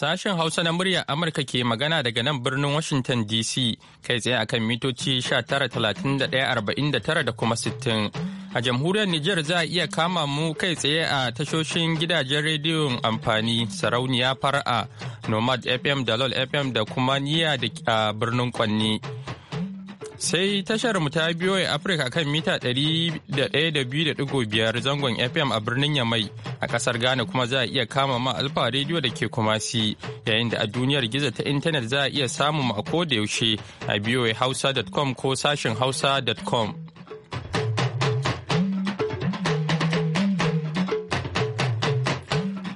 Sashen Hausa na muryar Amurka ke magana daga nan birnin Washington DC kai tsaye akan mitoci 19,31,49 da kuma 60. A jamhuriyar Nijar za a iya kama mu kai tsaye a tashoshin gidajen rediyon amfani sarauniya fara'a Nomad FM da LOL FM da kuma niya da birnin Kwanni. Sai tashar mu ta biyo Afirka kan mita 101.5 zangon FM a birnin Yamai a kasar Ghana kuma za a iya kama ma Alfa Radio da ke Kumasi yayin da a duniyar gizo ta intanet za a iya samu mu a koda yaushe a hausa.com ko sashin hausa.com.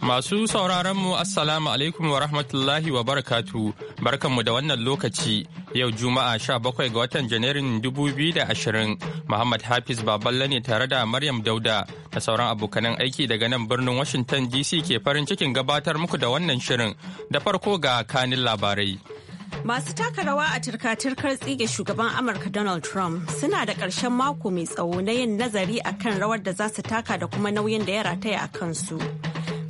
Masu mu Assalamu alaikum wa rahmatullahi wa barakatu barkanmu da wannan lokaci yau Juma'a 17 ga watan Janairun 2020 Muhammad Hafiz Baballe ne tare da Maryam Dauda da sauran abokanan aiki daga nan birnin Washington DC ke farin cikin gabatar muku da wannan shirin da farko ga kanin labarai. Masu taka rawa a turka-turkar tsige shugaban Amurka Donald Trump suna da ƙarshen mako mai tsawo na yin nazari a kan rawar da za su taka da kuma nauyin da ya rataya a kansu.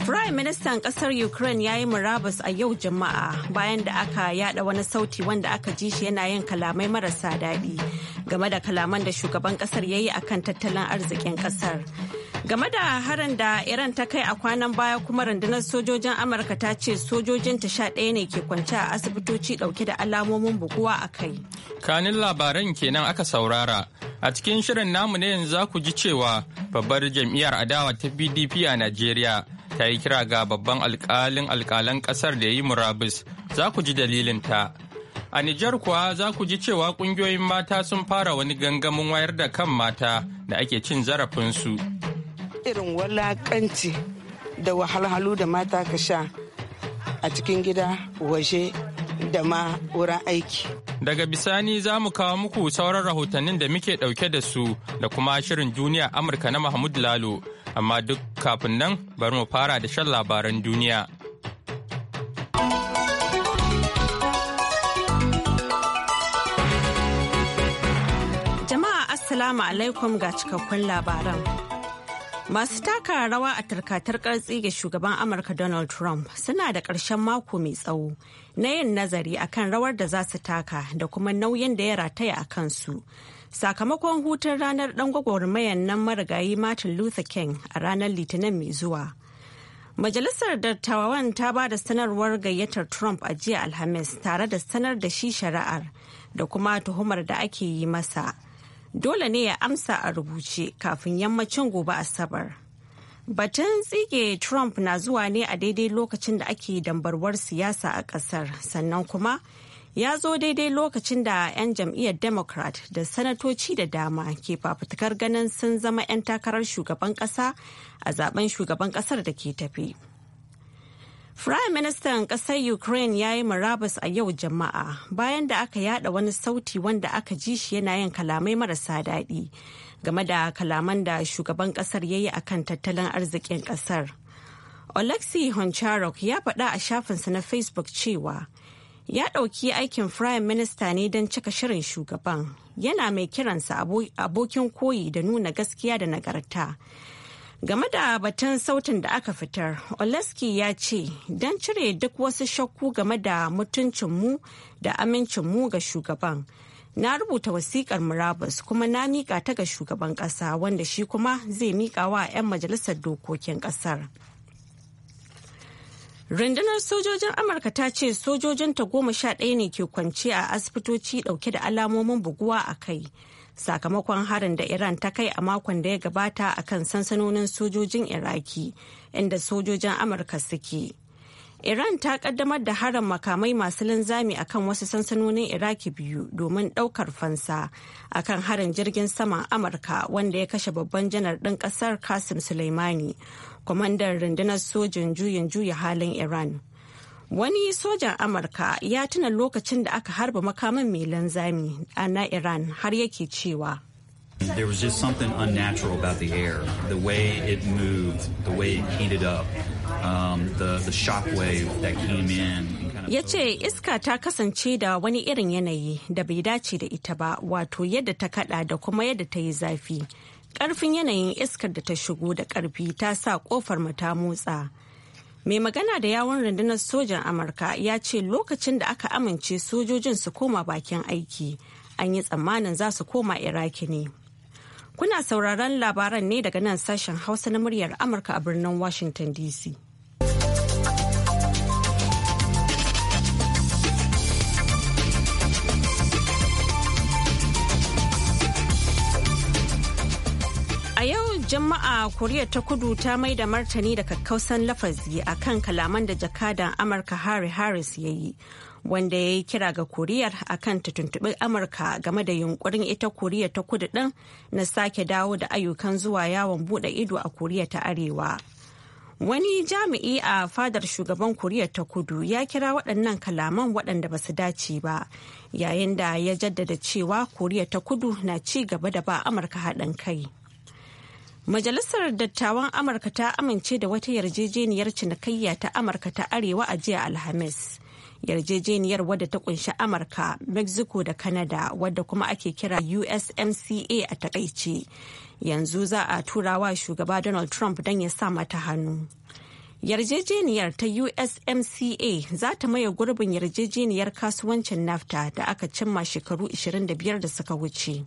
Prime Ministan kasar Ukraine ya yi murabus a yau Juma'a bayan da aka yada wani sauti wanda aka ji shi yana yin kalamai marasa daɗi game da kalaman da shugaban kasar ya yi akan tattalin arzikin kasar. Game da harin da Iran ta kai a kwanan baya kuma rundunar sojojin Amurka ta ce sojojin ta sha ɗaya ne ke kwance a asibitoci ɗauke da alamomin buguwa a kai. Kanin labaran kenan aka saurara. A cikin shirin namu ne yanzu za ku ji cewa babbar jam'iyyar adawa ta PDP a Najeriya ta yi kira ga babban alkalin alkalan kasar da ya yi murabus za ku ji ta A Nijar kuwa za ku ji cewa kungiyoyin mata sun fara wani gangamin wayar da kan mata da ake cin zarafin su. irin walakanci da wahalhalu da mata ka sha a cikin gida waje da ma wurin aiki. Daga bisani za mu kawo muku sauran rahotannin da muke ɗauke da su da kuma shirin duniya Amurka na Mahmud Lalo, amma duk kafin nan bari mu fara da shan labaran duniya. Jama'a Assalamu alaikum ga cikakkun labaran. Masu taka rawa a tarkatar kartsi ga shugaban Amurka Donald Trump suna da ƙarshen mako mai tsawo na yin nazari akan rawar da za su taka da kuma nauyin da ya rataya a kansu. Sakamakon hutun ranar ɗan gwagwarmayan nan marigayi Martin Luther King a ranar Litinin mai zuwa. Majalisar Dattawan ta ba da sanarwar gayyatar Trump a jiya Alhamis tare da sanar da shi shari'ar da kuma tuhumar da ake yi masa. dole ne ya amsa a rubuce kafin yammacin gobe asabar batun tsige trump na zuwa ne a daidai lokacin da ake dambarwar siyasa a kasar sannan kuma ya zo daidai lokacin da 'yan jam'iyyar democrat da sanatoci da dama ke fafutukar ganin sun zama 'yan takarar shugaban kasa a zaben shugaban kasar da ke tafi. Prime Ministan ƙasar Ukraine ya yi murabus a yau jama'a bayan da aka yada wani sauti wanda aka ji shi yana yin kalamai marasa daɗi game da kalaman da shugaban ƙasar ya yi a kan tattalin arzikin ƙasar. Alexei Honcharok ya faɗa a shafinsa na Facebook cewa ya ɗauki aikin Prime Minister ne don cika shirin shugaban yana mai kiransa abokin koyi da nuna gaskiya da nagarta. Game da batun sautin da aka fitar, Oleski ya ce don cire duk wasu shakku game da mutuncinmu da amincinmu ga shugaban. Na rubuta wasikar murabus kuma na miƙa ta ga shugaban ƙasa wanda shi kuma zai miƙa wa 'yan majalisar dokokin ƙasar. Rundunar sojojin Amurka ta ce sojojinta goma sha ɗaya ne ke kwance a asibitoci ɗauke da alamomin buguwa a kai. sakamakon harin da Iran ta kai a makon da ya gabata a kan sansanonin sojojin Iraki inda sojojin Amurka suke. Iran ta kaddamar da harin makamai masu linzami a kan wasu sansanonin Iraki biyu domin daukar fansa a kan harin jirgin saman Amurka wanda ya kashe babban janar ɗin ƙasar Kasim Suleimani, kwamandan rundunar sojin juyin juya halin Iran. Wani sojan Amurka ya tuna lokacin da aka harba makaman mai lanzami na Iran har yake cewa. There was just something unnatural about the air, the way it moved, the way it heated up, um, the, the shock wave that came in. ya ce iska ta kasance da wani irin yanayi da bai dace da ita ba wato yadda ta kada da kuma yadda ta yi zafi karfin yanayin iskar da ta shigo da karfi ta sa kofar mu ta motsa mai magana da yawon rundunar sojan amurka ya ce lokacin da aka amince sojojin su koma bakin aiki an yi tsammanin za su koma iraki ne kuna sauraron labaran ne daga nan sashen hausa na muryar amurka a birnin washington dc jama'a Koriya ta kudu ta mai da martani da kakkausan lafazi a kan kalaman da jakadan Amurka Harry Harris ya yi, wanda ya yi kira ga Koriya a kan ta tuntuɓi Amurka game da yunkurin ita Koriya ta kudu ɗin na sake dawo da ayyukan zuwa yawon buɗe ido a Koriya ta Arewa. Wani jami'i a fadar shugaban Koriya ta kudu ya kira waɗannan kalaman waɗanda ba su dace ba, yayin da ya jaddada cewa Koriya ta kudu na ci gaba da ba Amurka haɗin kai. Majalisar Dattawan Amurka ta amince da wata yarjejeniyar cinikayya ta Amurka ta Arewa a jiya Alhamis. yarjejeniyar wadda ta kunshi amurka mexico da canada wadda kuma ake kira usmca a takaice yanzu za a tura wa shugaba donald trump don ya sa mata hannu yarjejeniyar ta usmca za ta maye gurbin yarjejeniyar kasuwancin nafta da aka cimma shekaru 25 da suka wuce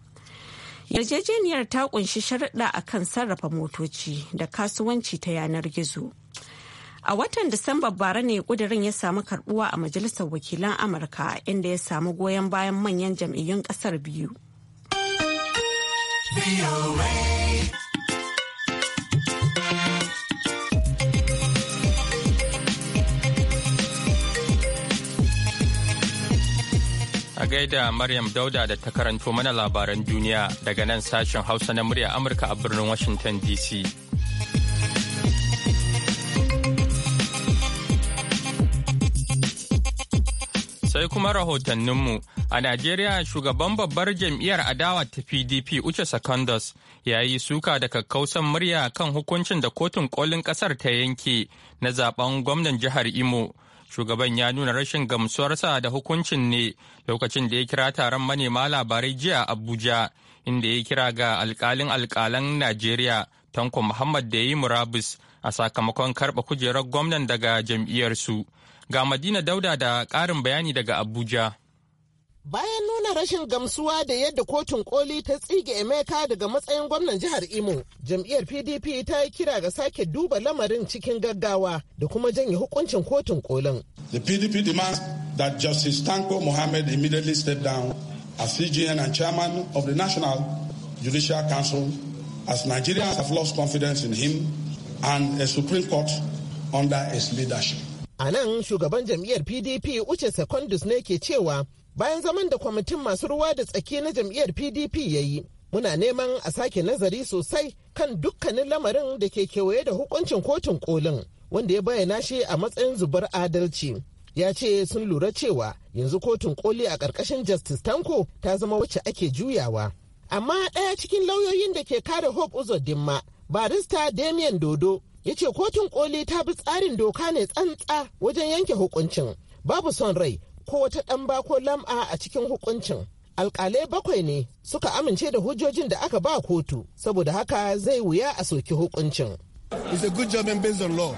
yarjejeniyar ta kunshi sharaɗa a kan sarrafa motoci da kasuwanci ta yanar gizo a watan disamba bara ne kudirin ya samu karbuwa a majalisar wakilan amurka inda ya samu goyon bayan manyan jam'iyyun ƙasar biyu gaida Maryam Dauda da ta karanto mana labaran duniya daga nan sashen Hausa na murya Amurka a birnin Washington DC. Sai kuma rahotanninmu a Najeriya shugaban babbar jam'iyyar adawa ta PDP Uche Secondus ya yi suka da kakkausan murya kan hukuncin da kotun kolin kasar ta yanke na zaben gwamnan jihar Imo. shugaban ya nuna rashin gamsuwarsa da hukuncin ne lokacin da ya kira taron manema labarai jiya abuja inda ya kira ga alkalin alkalan najeriya tanko muhammad da ya yi murabus a sakamakon karɓa kujerar gwamnan daga jam'iyyarsu ga madina dauda da ƙarin bayani daga abuja Bayan nuna rashin gamsuwa da yadda kotun koli ta tsige Emeka daga matsayin gwamnan jihar Imo, jam'iyyar PDP ta yi kira ga sake duba lamarin cikin gaggawa da kuma janye hukuncin kotun kolin. The PDP demands that Justice Tanko Mohammed immediately step down as CGN and chairman of the National Judicial Council as Nigerians have lost confidence in him and a Supreme Court under his leadership. A nan shugaban jam'iyyar PDP Uche Secondus ne ke cewa bayan zaman da kwamitin masu ruwa da tsaki na jam'iyyar pdp ya yi muna neman a sake nazari sosai kan dukkanin lamarin da ke kewaye da hukuncin kotun kolin wanda ya bayyana shi a matsayin zubar adalci ya ce sun lura cewa yanzu kotun koli a ƙarƙashin justice tanko ta zama wacce ake juyawa amma ɗaya cikin lauyoyin da ke kare hope uzodinma barista damian dodo ya ce kotun koli ta bi tsarin doka ne tsantsa wajen yanke hukuncin babu son rai ko wata ɗan ba ko lam'a a cikin hukuncin. Alƙalai bakwai ne suka amince da hujjojin da aka ba kotu saboda haka zai wuya a soki hukuncin. It's a good judgment based on law.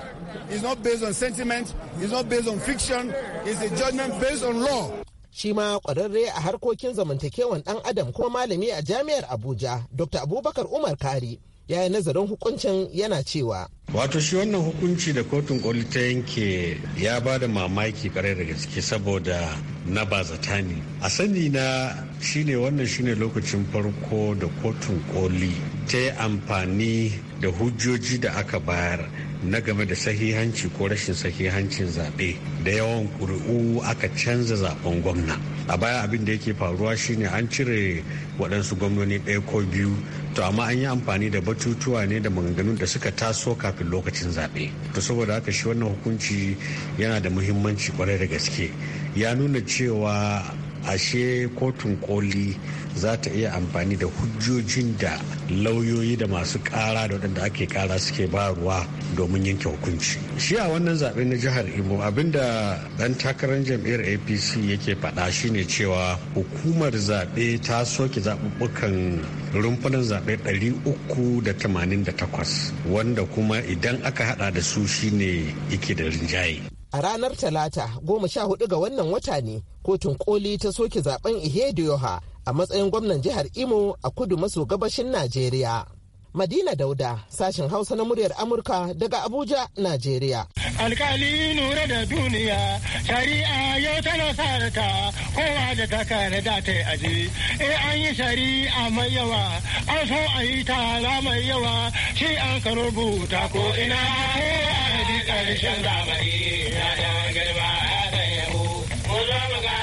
It's not based on sentiment. It's not based on fiction. It's a judgment based on law. Shi ma ƙwararre a harkokin zamantakewan ɗan Adam kuma malami a jami'ar Abuja, Dr. Abubakar Umar Kari, ya yi nazarin hukuncin yana cewa wato shi wannan hukunci da kotun koli ta yanke ya ba da mamaki kare da gaske saboda na bazata ne a sani na shine wannan shine lokacin farko da kotun koli ta yi amfani da hujjoji da aka bayar na game da sahihanci ko rashin sahihancin zaɓe da yawan ƙuri'u aka canza zaɓen gwamna a baya abin da yake faruwa shine an cire waɗansu gwamnoni ɗaya ko biyu to amma an yi amfani da batutuwa ne da maganganun da suka taso kafin lokacin zaɓe to saboda haka shi wannan hukunci yana da muhimmanci kwarai da gaske ya nuna cewa ashe kotun koli za ta iya amfani da hujjojin da lauyoyi da masu kara da waɗanda ake kara suke baruwa domin yanke hukunci shi a wannan zaɓe na jihar imo abinda ɗan takarar jam'iyyar apc yake faɗa shine cewa hukumar zaɓe ta soke zaɓuɓɓukan rumfunan zaɓe 388 wanda kuma idan aka haɗa da su shine yake da rinjaye a ranar talata goma sha hudu ga wannan wata ne kotun koli ta soke zaben ihedioha a matsayin gwamnan jihar imo a kudu maso gabashin najeriya madina dauda sashen hausa na muryar amurka daga abuja najeriya alkali nura da duniya shari'a yau tana sarata kowa da ta kare da ta aji eh an yi shari'a mai yawa an so a yi tara mai yawa shi an ka rubuta ko ina eh,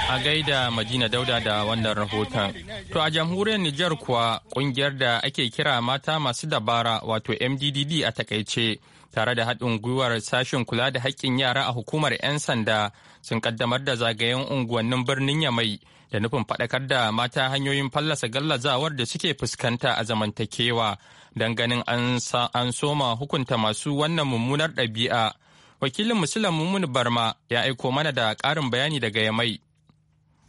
A gaida Madina Dauda da wannan rahoton. To a jamhuriyar Nijar kuwa kungiyar da ake kira mata masu dabara wato MDDD a takaice tare da haɗin gwiwar sashen kula da haƙƙin yara a hukumar 'yan sanda sun kaddamar da zagayen unguwannin birnin Yamai da nufin faɗakar da mata hanyoyin fallasa gallazawar da suke fuskanta a zamantakewa don ganin an soma hukunta masu wannan mummunar ɗabi'a. Wakilin Musulun Mummun Barma ya aiko mana da ƙarin bayani daga Yamai.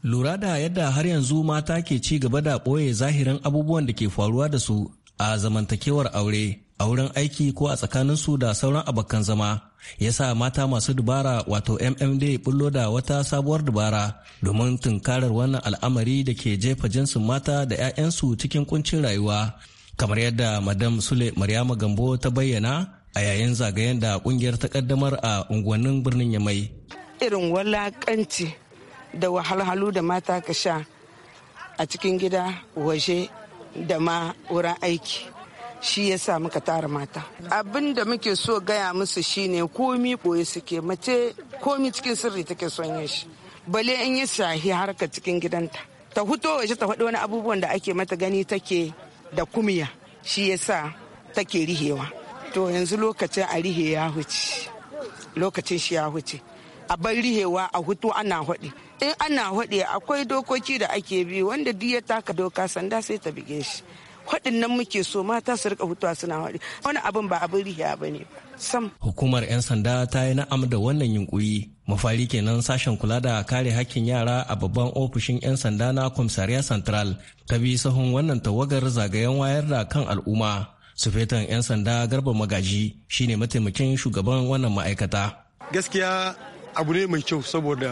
Lura da yadda har yanzu mata ke ci gaba da ɓoye zahirin abubuwan da ke faruwa da su a zamantakewar aure, a wurin aiki ko a tsakaninsu da sauran abokan zama. yasa mata masu dubara wato mmd bullo da wata sabuwar dubara domin tunkarar wannan al'amari da ke jefa jinsin mata da 'ya'yansu cikin kuncin rayuwa kamar yadda madam sule maryama gambo ta bayyana a yayin zagayen da kungiyar ta kaddamar a unguwannin birnin yamai irin walakanci da wahalhalu da mata ka sha a cikin gida waje da ma wurin aiki shi ya sa muka tara mata abin da muke so gaya musu shine komi ɓoye suke mace komi cikin sirri take son yin shi bale in yi shahi harka cikin gidanta ta huto waje ta faɗi wani abubuwan da ake mata gani take da kumiya shi ya yasa take rihewa to yanzu lokacin a rihe ya huce lokacin shi ya huce a bar rihewa a hutu ana haɗe in ana haɗe akwai dokoki da ake bi wanda duk ya taka doka sanda sai ta bige shi waɗannan muke so mata su rika hutuwa suna haɗi wani abin ba abin riya ba ne sam hukumar 'yan sanda ta yi na'am da wannan yunkuri mafari kenan sashen kula da kare hakkin yara a babban ofishin 'yan sanda na komisariya central ta bi sahun wannan tawagar zagayen wayar da kan al'umma sufetan 'yan sanda garba magaji shine mataimakin shugaban wannan ma'aikata gaskiya abu ne mai kyau saboda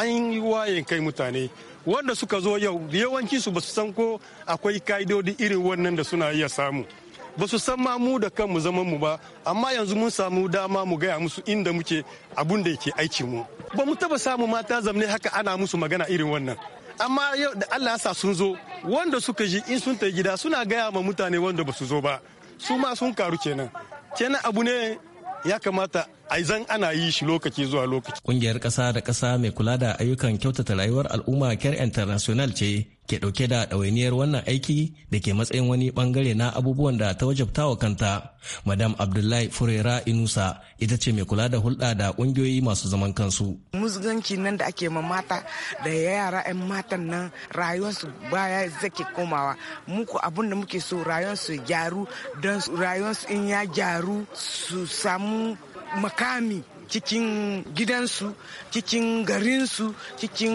an yi wayan kai mutane wanda suka zo yau yawanci su basu san ko akwai ka'idodi irin wannan da suna iya samu ba su san ma mu da kanmu zaman mu ba amma yanzu mun samu dama mu gaya musu inda muke abun da yake aiki mu ba mu taba samu mata zamne haka ana musu magana irin wannan amma yau da Allah ya sa sun zo wanda suka ji in sun ta gida suna gaya ma mutane wanda ba su zo ba su ma sun karu kenan kenan abu ne ya kamata zan ana yi shi lokaci zuwa lokaci. Kungiyar ƙasa da kasa mai kula da ayyukan kyautata rayuwar al'umma Care International ce ke ɗauke da ɗawainiyar wannan aiki da ke matsayin wani bangare na abubuwan da ta wajabta wa kanta. Madam Abdullahi Furera Inusa ita ce mai kula da hulɗa da ƙungiyoyi masu zaman kansu. Musganci nan da ake mamata da yara 'yan matan nan rayuwarsu baya zake komawa. Muku abin da muke so rayuwarsu gyaru don rayuwarsu in ya gyaru su samu makami cikin gidansu cikin garinsu cikin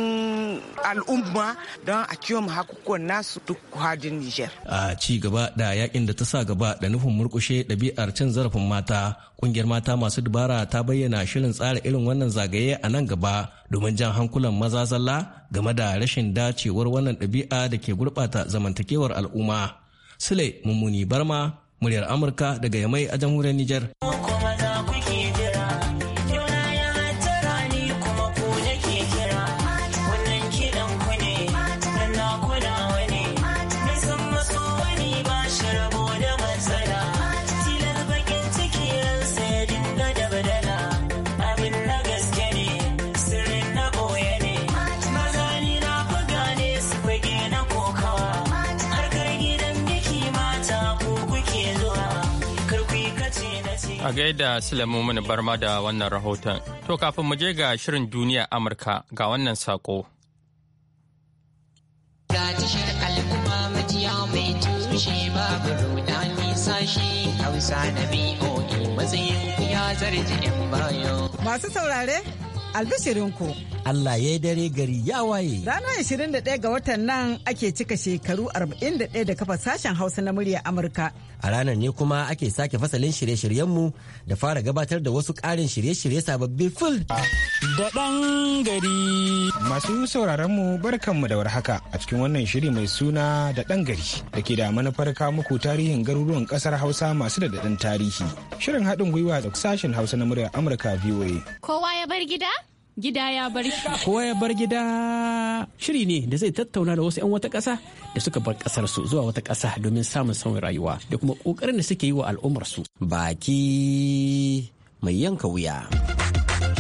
al'umma don a kiwon hakukuwan nasu duk hadin Nijar. A ci gaba da yakin da ta sa gaba da nufin murkushe ɗabi'ar cin zarafin mata, ƙungiyar mata masu dubara ta bayyana shirin tsara irin wannan zagaye a nan gaba domin jan hankulan maza zalla game da rashin dacewar wannan ɗabi'a da ke gurɓata zamantakewar al'umma. Sule Mummuni Barma, muryar Amurka daga Yamai a jamhuriyar Nijar. gaida Sulaimu mana barma da wannan rahoton. To kafin mu je ga shirin duniya Amurka ga wannan sako. Ga tashar al'umma majiya mai tushe babu rudani sashi Hausa na BOE matsayin ya zarje 'yan bayan. saurare, ku? Allah ya yi dare gari ya waye. Ranar 21 ga watan nan ake cika shekaru 41 da kafa sashen Hausa na murya Amurka. A ranar ne kuma ake sake fasalin shirye-shiryenmu da fara gabatar da wasu ƙarin shirye-shirye sababbin fil. Da ɗan gari. Masu sauraron mu barkanmu da warhaka a cikin wannan shiri mai suna da ɗan gari da ke da manufar muku tarihin garuruwan ƙasar Hausa masu da daɗin tarihi. Shirin haɗin gwiwa da sashen Hausa na murya Amurka VOA. Kowa ya bar gida? gida ya bar Kowa ya bar gida shiri ne da zai tattauna da wasu 'yan wata ƙasa da suka bar ƙasar su zuwa wata ƙasa domin samun sauyin rayuwa da kuma ƙoƙarin da suke yi wa al'ummar su. Baki mai yanka wuya.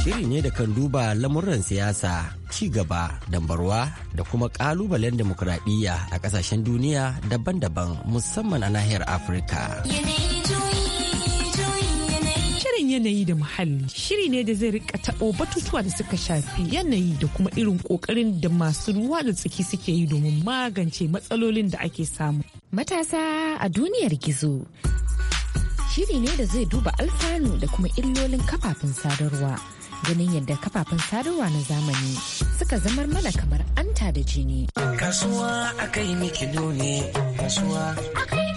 Shiri ne da kan duba lamuran siyasa, ci gaba, dambarwa da kuma kalubalen demokuraɗiyya a ƙasashen duniya daban-daban musamman a nahiyar Afirka. yanayi da muhalli shiri ne da zai rika taɓo batutuwa da suka shafi yanayi da kuma irin ƙoƙarin da masu ruwa da tsaki suke yi domin magance matsalolin da ake samu. Matasa a duniyar gizo. Shiri ne da zai duba alfanu da kuma illolin kafafen sadarwa. Ganin yadda kafafen sadarwa na zamani suka zamar mana kamar anta da jini. Kasuwa akai miki ne, kasuwa akai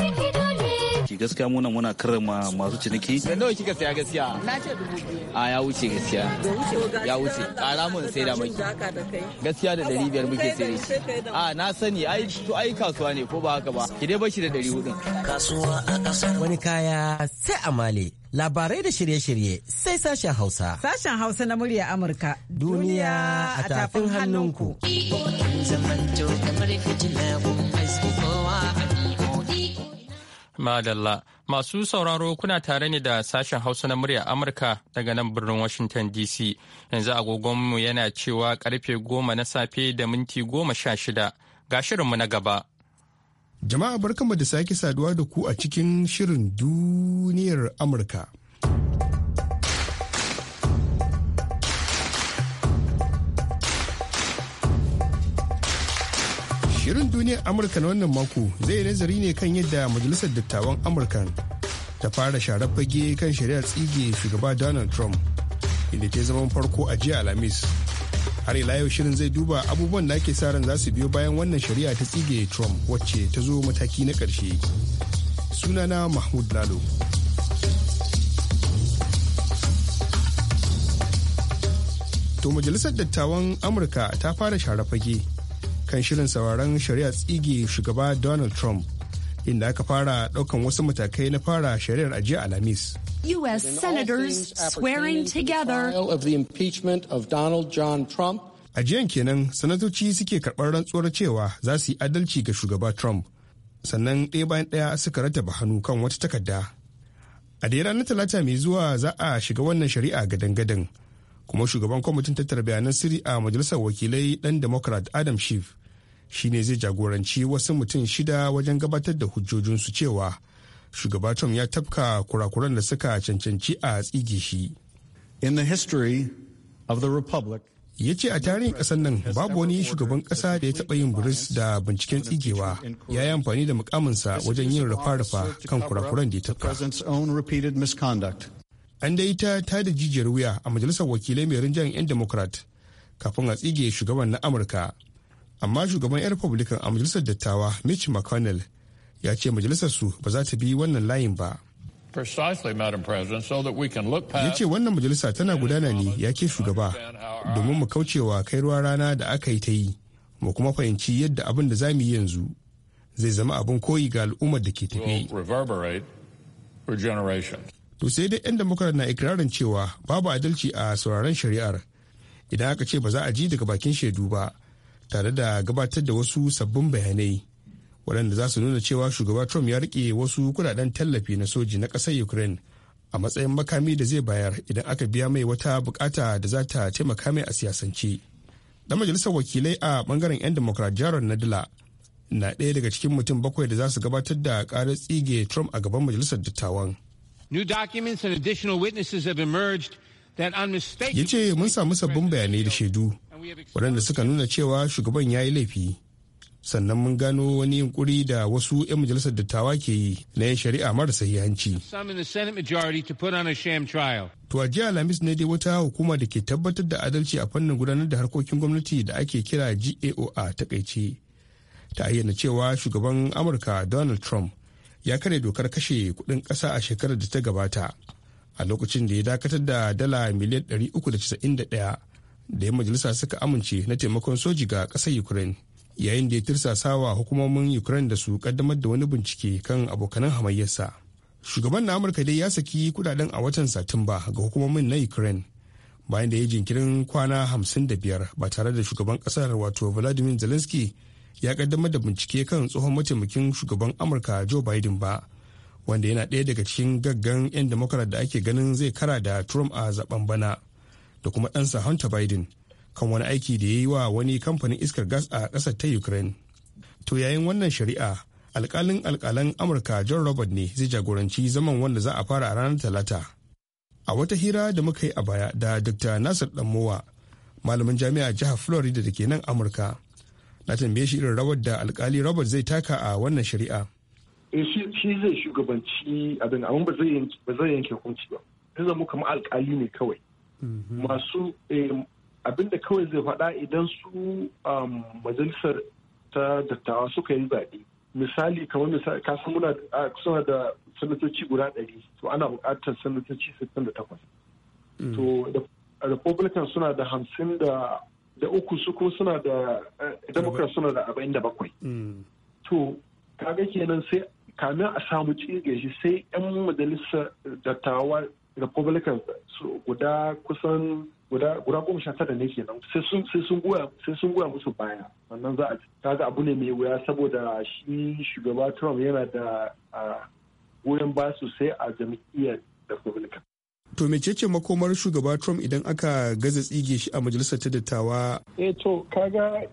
gaskiya muna muna karrama masu ciniki da nawa kika saya gaskiya na ce dubu biyu a ya wuce gaskiya ya wuce ƙara mun sai da maki gaskiya da ɗari biyar muke sai a na sani ai to ai kasuwa ne ko ba haka ba ki dai bashi da ɗari hudu kasuwa a kasar. wani kaya sai amale labarai da shirye-shirye sai sashen Hausa. Sashen Hausa na murya Amurka. Duniya a tafin hannunku. Zaman to kamar Madalla masu sauraro kuna tare ne da sashen Hausa na murya Amurka daga nan birnin Washington DC. Yanzu agogonmu yana cewa karfe goma na safe da minti goma sha shida. Ga shirinmu na gaba. Jama'a barkanmu da sake saduwa da ku a cikin shirin duniyar Amurka. Shirin duniyar Amurka na wannan mako zai nazari ne kan yadda Majalisar Dattawan Amurka ta fara sharar fage kan shari'ar tsige shugaba Donald Trump inda ta zaman farko a jiya Alhamis. Har ila yau shirin zai duba abubuwan da ake sa ran za su biyo bayan wannan shari'a ta tsige Trump wacce ta zo mataki na ƙarshe. Sunana Mahmud Lalo. To Majalisar Dattawan Amurka ta fara share fage kan shirin sauraron shari'a tsige shugaba donald trump inda aka fara daukan wasu matakai na fara shari'ar ajiya alhamis U.S. senators swearing together of the impeachment of Donald John Trump. A jiyan kenan sanatoci suke karɓar rantsuwar cewa za su yi adalci ga shugaba Trump. Sannan ɗaya bayan ɗaya suka rattaba hannu kan wata takarda. A da ranar talata mai zuwa za a shiga wannan shari'a gadan-gadan. Kuma shugaban kwamitin tattara bayanan sirri a majalisar wakilai ɗan Democrat Adam Schiff shine zai jagoranci wasu mutum shida wajen gabatar da hujjojinsu cewa shugaba Trump ya tafka kurakuran da suka cancanci a tsige shi. In the history of the Republic, ya ce a tarihin ƙasar nan babu wani shugaban ƙasa da ya taɓa yin buris da binciken tsigewa ya yi amfani da mukaminsa wajen yin rufa-rufa kan kurakuran da ya tafka. An dai ta ta da jijiyar wuya a majalisar wakilai mai rinjayen 'yan Democrat kafin a tsige shugaban na Amurka amma shugaban 'yan republican a majalisar dattawa mitch mcconnell ya ce majalisar su ba za ta bi wannan layin ba ya ce wannan majalisa tana gudana ne ya ke shugaba domin mu kaucewa kai ruwa rana da aka yi ta yi mu kuma fahimci yadda abin da za mu yi yanzu zai zama abin koyi ga al'ummar da ke tafi to sai dai 'yan damokarar na ikirarin cewa babu adalci a sauraron shari'ar idan aka ce ba za a ji daga bakin shaidu ba tare da gabatar da wasu sabbin bayanai waɗanda za su nuna cewa shugaba trump ya rike wasu kudaden tallafi na soji na ƙasar ukraine a matsayin makami da zai bayar idan aka biya mai wata bukata da za ta taimaka mai a siyasance ɗan majalisar wakilai a bangaren 'yan democrat jaron nadila na ɗaya daga cikin mutum bakwai da za su gabatar da ƙarar tsige trump a gaban majalisar dattawan new documents and additional witnesses have emerged ya ce mun samu sabbin bayanai da shaidu waɗanda suka nuna cewa shugaban ya yi laifi sannan mun gano wani yunkuri da wasu 'yan majalisar dattawa ke yi na yin shari'a marasa yanci. To a jiya Lamis ne dai wata hukuma da ke tabbatar da adalci a fannin gudanar da harkokin gwamnati da ake kira GAO a takaice. Ta ayyana cewa shugaban Amurka Donald Trump ya kare dokar kashe kudin kasa a shekarar da ta gabata a lokacin da ya dakatar da dala miliyan 391 da ya majalisa suka amince na taimakon soji ga ƙasar ukraine yayin da ya tirsasawa hukumomin ukraine da su kaddamar da wani bincike kan abokanan hamayyarsa shugaban na amurka dai ya saki kudaden a watan satumba ga hukumomin na ukraine bayan da ya jinkirin kwana hamsin da biyar ba tare da shugaban kasar wato vladimir zelensky ya kaddamar da bincike kan tsohon mataimakin shugaban amurka joe biden ba wanda yana ɗaya daga cikin gaggan 'yan demokrat da ake ganin zai kara da trump a zaben bana da kuma ɗansa Hunter Biden kan wani aiki da ya yi wa wani kamfanin iskar gas a ƙasar ta Ukraine. To yayin wannan shari'a, alƙalin alkalan Amurka John Robert ne zai jagoranci zaman wanda za a fara a ranar Talata. A wata hira da muka yi a baya da Dr. Nasir Danmowa, malamin jami'a jihar Florida da ke nan Amurka, na tambaye shi irin rawar da alƙali Robert zai taka a wannan shari'a. Eh, shi zai shugabanci abin amma ba zai yanke hukunci ba. Zai zama kamar alƙali ne kawai. Mm-hmm. masu eh, abinda kawai zai faɗa idan su um, majalisar ta dattawa suka yi zaɓe misali kamar misali kasan san muna kusa da sanatoci guda ɗari to ana buƙatar sanatoci 68 da takwas mm. to republican suna da hamsin da uku su kuma suna da eh, democrat suna da abin da bakwai mm. to kaga kenan sai kamin a samu cigashi sai 'yan majalisar dattawa republicans su guda kusan guda goma sha tara ne kenan sai sun goya musu baya wannan za a kaga abu ne mai wuya saboda shi shugaba trump yana da goyon ba sosai a jam'iyyar republican To mecece makomar shugaba Trump idan aka gaza tsige shi a majalisar ta dattawa? Eh to kaga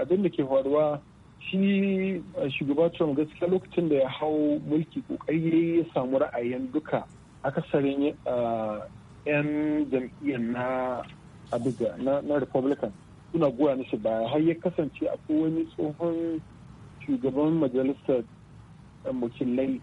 abin da ke faruwa shi shugaba Trump gaskiya lokacin da ya hau mulki kokari ya samu ra'ayin duka akasarin eh, yan jam'iyyar na abuja na republican suna goya nishi baya har ya kasance a wani tsohon shugaban majalisar eh, wakilai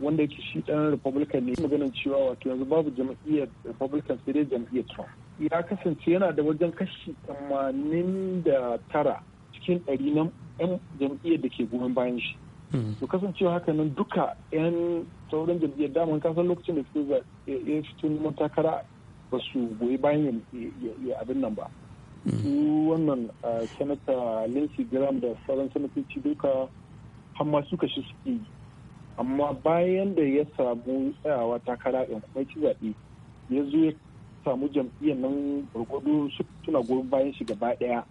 wanda yake shi dan republican ne maganin cewa wato yanzu babu jam'iyyar republican sai dai jam'iyyar trump ya kasance yana da wajen kashi tamanin da tara cikin ɗari na yan jam'iyyar da ke goyon bayan shi Mm. to kasancewa haka nan duka 'yan sauran jam'iyyar daman kasan lokacin da suke ya fito neman takara ba su goyi bayan ya abin nan ba mm. su wannan senata lindsey graham da sauran sanatoci duka hamma su shi suke yi amma bayan da ya samu tsayawa takara yan kuma ci zaɓe ya zo ya samu jam'iyyar nan gwargwado suna goyon bayan shi gaba ɗaya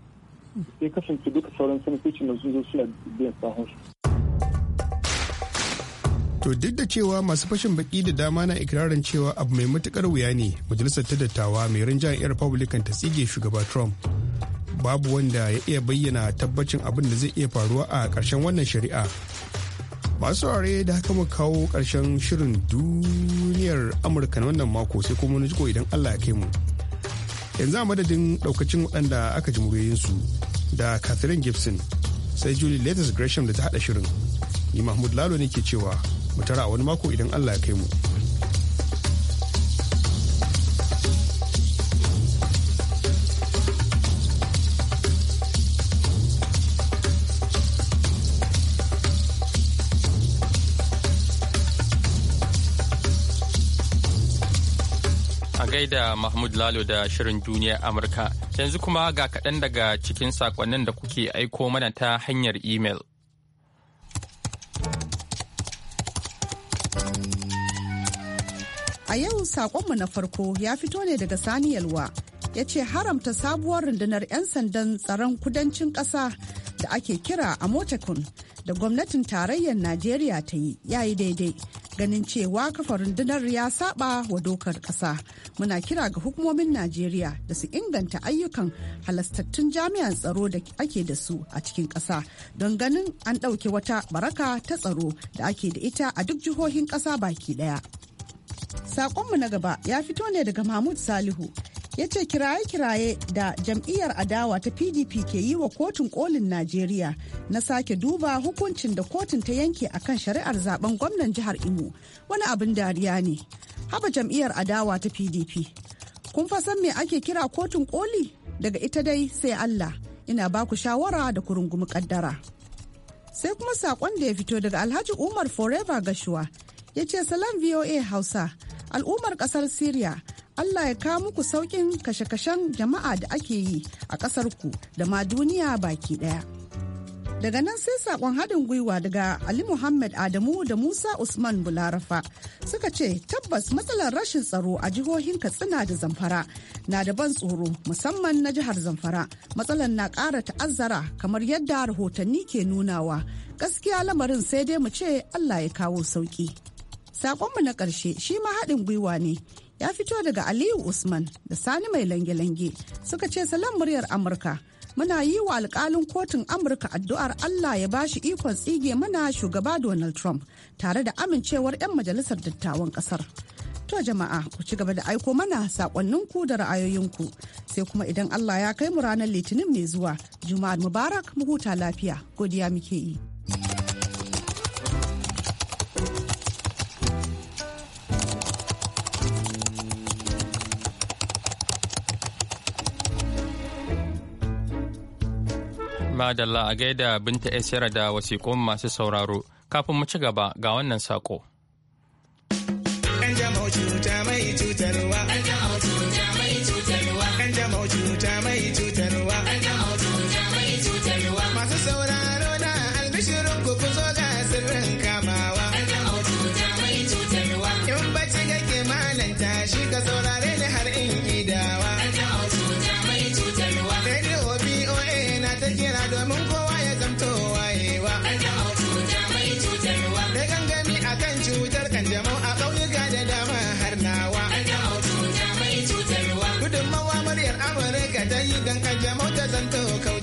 mm. sai kasance duka sauran sanatoci na sun zo suna biyan sahun su To duk da cewa masu fashin baki da dama na ikirarin cewa abu mai matukar wuya ne majalisar ta dattawa mai rinjayen 'yan Republican ta tsige shugaba Trump. Babu wanda ya iya bayyana tabbacin abin da zai iya faruwa a ƙarshen wannan shari'a. Masu saurare da haka mu kawo ƙarshen shirin duniyar Amurka na wannan mako sai kuma wani jiko idan Allah ya kai mu. Yanzu a madadin ɗaukacin waɗanda aka ji muryoyinsu da Catherine Gibson sai Julie Latest Gresham da ta haɗa shirin. Ni Mahmud Lalo ne ke cewa mu tara a wani mako idan allah ya kai mu gaida Mahmud Lalo da Shirin Duniya Amurka. Yanzu kuma ga kaɗan daga cikin saƙonnin da kuke aiko mana ta hanyar imel. A yau saƙonmu na farko ya fito ne daga Sani Yalwa ya ce haramta sabuwar rundunar 'yan sandan tsaron kudancin ƙasa da ake kira a Motakun da gwamnatin tarayyar Najeriya ta yi yayi daidai. ganin cewa kafa rundunar ya saba wa dokar ƙasa muna kira ga hukumomin najeriya da su inganta ayyukan halastattun jami'an tsaro da ake da su a cikin ƙasa don ganin an ɗauke wata baraka ta tsaro da ake da ita a duk jihohin ƙasa baki ɗaya. Saƙonmu na gaba ya fito ne daga Mahmud Salihu. Ya ce kiraye-kiraye da jam'iyyar adawa ta PDP ke yi wa kotun kolin Najeriya na sake duba hukuncin da kotun ta yanke a kan shari'ar zaben gwamnan jihar Imo wani abin dariya ne. Haba jam'iyyar adawa ta PDP. Kun fasan me ake kira kotun koli? Daga ita dai sai Allah. Ina baku shawara da kurungumi kaddara. Sai kuma saƙon da ya fito daga Alhaji Umar Forever gashua. ya ce salam voa hausa al'ummar kasar syria allah ya kawo muku saukin kashe-kashen jama'a da ake yi a kasar ku da ma duniya baki daya daga nan sai sakon haɗin gwiwa daga ali muhammad adamu da musa usman bularafa suka ce tabbas matsalar rashin tsaro a jihohin katsina da zamfara na da ban tsoro musamman na jihar zamfara matsalar na ƙara ta'azzara kamar yadda rahotanni ke nunawa gaskiya lamarin sai dai mu ce allah ya kawo sauki Sakonmu na ƙarshe shi ma haɗin gwiwa ne ya fito daga Aliyu Usman da Sani mai lange-lange suka ce salon muryar Amurka. Muna yi wa alkalin kotun Amurka addu'ar Allah ya ba shi ikon tsige mana shugaba Donald Trump tare da amincewar 'yan majalisar dattawan ƙasar. To jama'a ku ci gaba da aiko mana sakonninku da ra'ayoyinku sai kuma idan Allah ya kai mu ranar litinin mai zuwa Juma'ar Mubarak mu huta lafiya godiya muke yi. Madalla a gaida Binta Esira da wasiƙun masu sauraro. Kafin mu ci gaba ga wannan saƙo. An cuta mai cutarwa.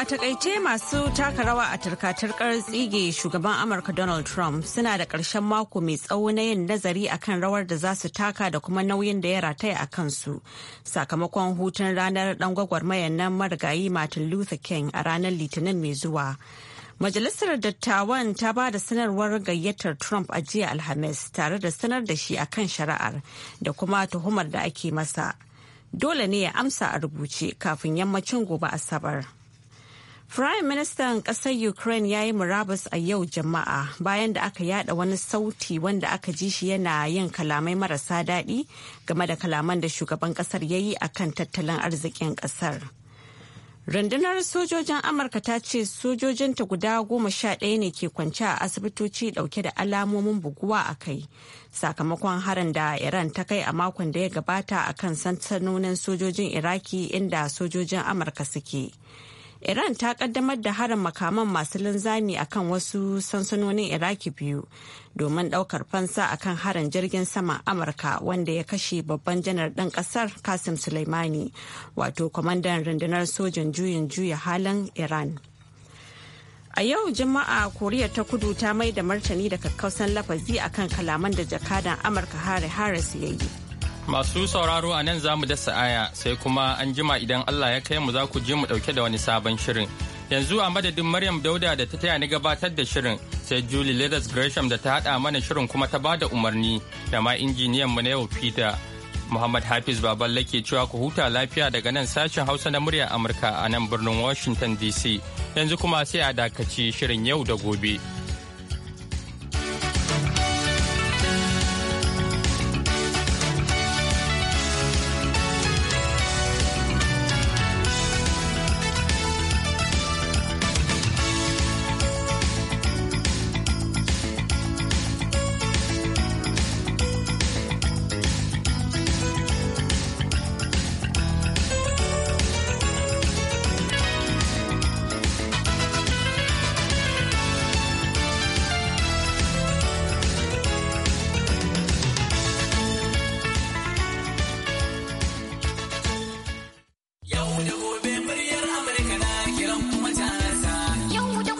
a takaice masu taka rawa a turka-turkar tsige shugaban Amurka Donald Trump suna da ƙarshen mako mai tsawo na yin nazari akan rawar da za su taka da kuma nauyin da ya rataya a kansu sakamakon hutun ranar ɗan gwagwarmayar nan marigayi Martin Luther King a ranar Litinin mai zuwa. Majalisar Dattawan ta ba da sanarwar gayyatar Trump a jiya Alhamis tare da sanar da shi akan shari'ar da kuma tuhumar da ake masa. Dole ne ya amsa a rubuce kafin yammacin gobe Asabar. Prime Ministan ƙasar Ukraine ya yi murabus a yau jama'a bayan da aka yada wani sauti wanda aka ji shi yana yin kalamai marasa daɗi game da kalaman da shugaban ƙasar ya yi akan tattalin arzikin ƙasar. Rundunar sojojin Amurka ta ce sojojinta guda goma sha ɗaya ne ke kwance a asibitoci ɗauke da alamomin buguwa a kai sakamakon harin da Iran ta kai a makon da ya gabata akan sansanonin sojojin Iraki inda sojojin Amurka suke. Iran ta kaddamar da harin makaman masu linzami akan wasu sansanonin Iraki biyu domin daukar fansa akan harin jirgin saman Amurka wanda ya kashe babban janar ɗan ƙasar Kasim Suleimani wato kwamandan rundunar sojin juyin juya halin Iran. A yau Juma'a Koriya ta kudu ta mai da martani da kakkausan lafazi akan kalaman da jakadan Amurka Harry Harris ya yi. Masu sauraro a nan za mu dasa aya sai kuma an jima idan Allah ya kai mu za ku je mu ɗauke da wani sabon shirin. Yanzu a madadin Maryam Dauda da ta taya ni gabatar da shirin sai Julie Leathers Gresham da ta haɗa mana shirin kuma ta ba da umarni da ma injiniyan mu na yau Peter Muhammad Hafiz Baballe ke cewa ku huta lafiya daga nan sashen Hausa na muryar Amurka a nan birnin Washington DC. Yanzu kuma sai a dakaci shirin yau da gobe.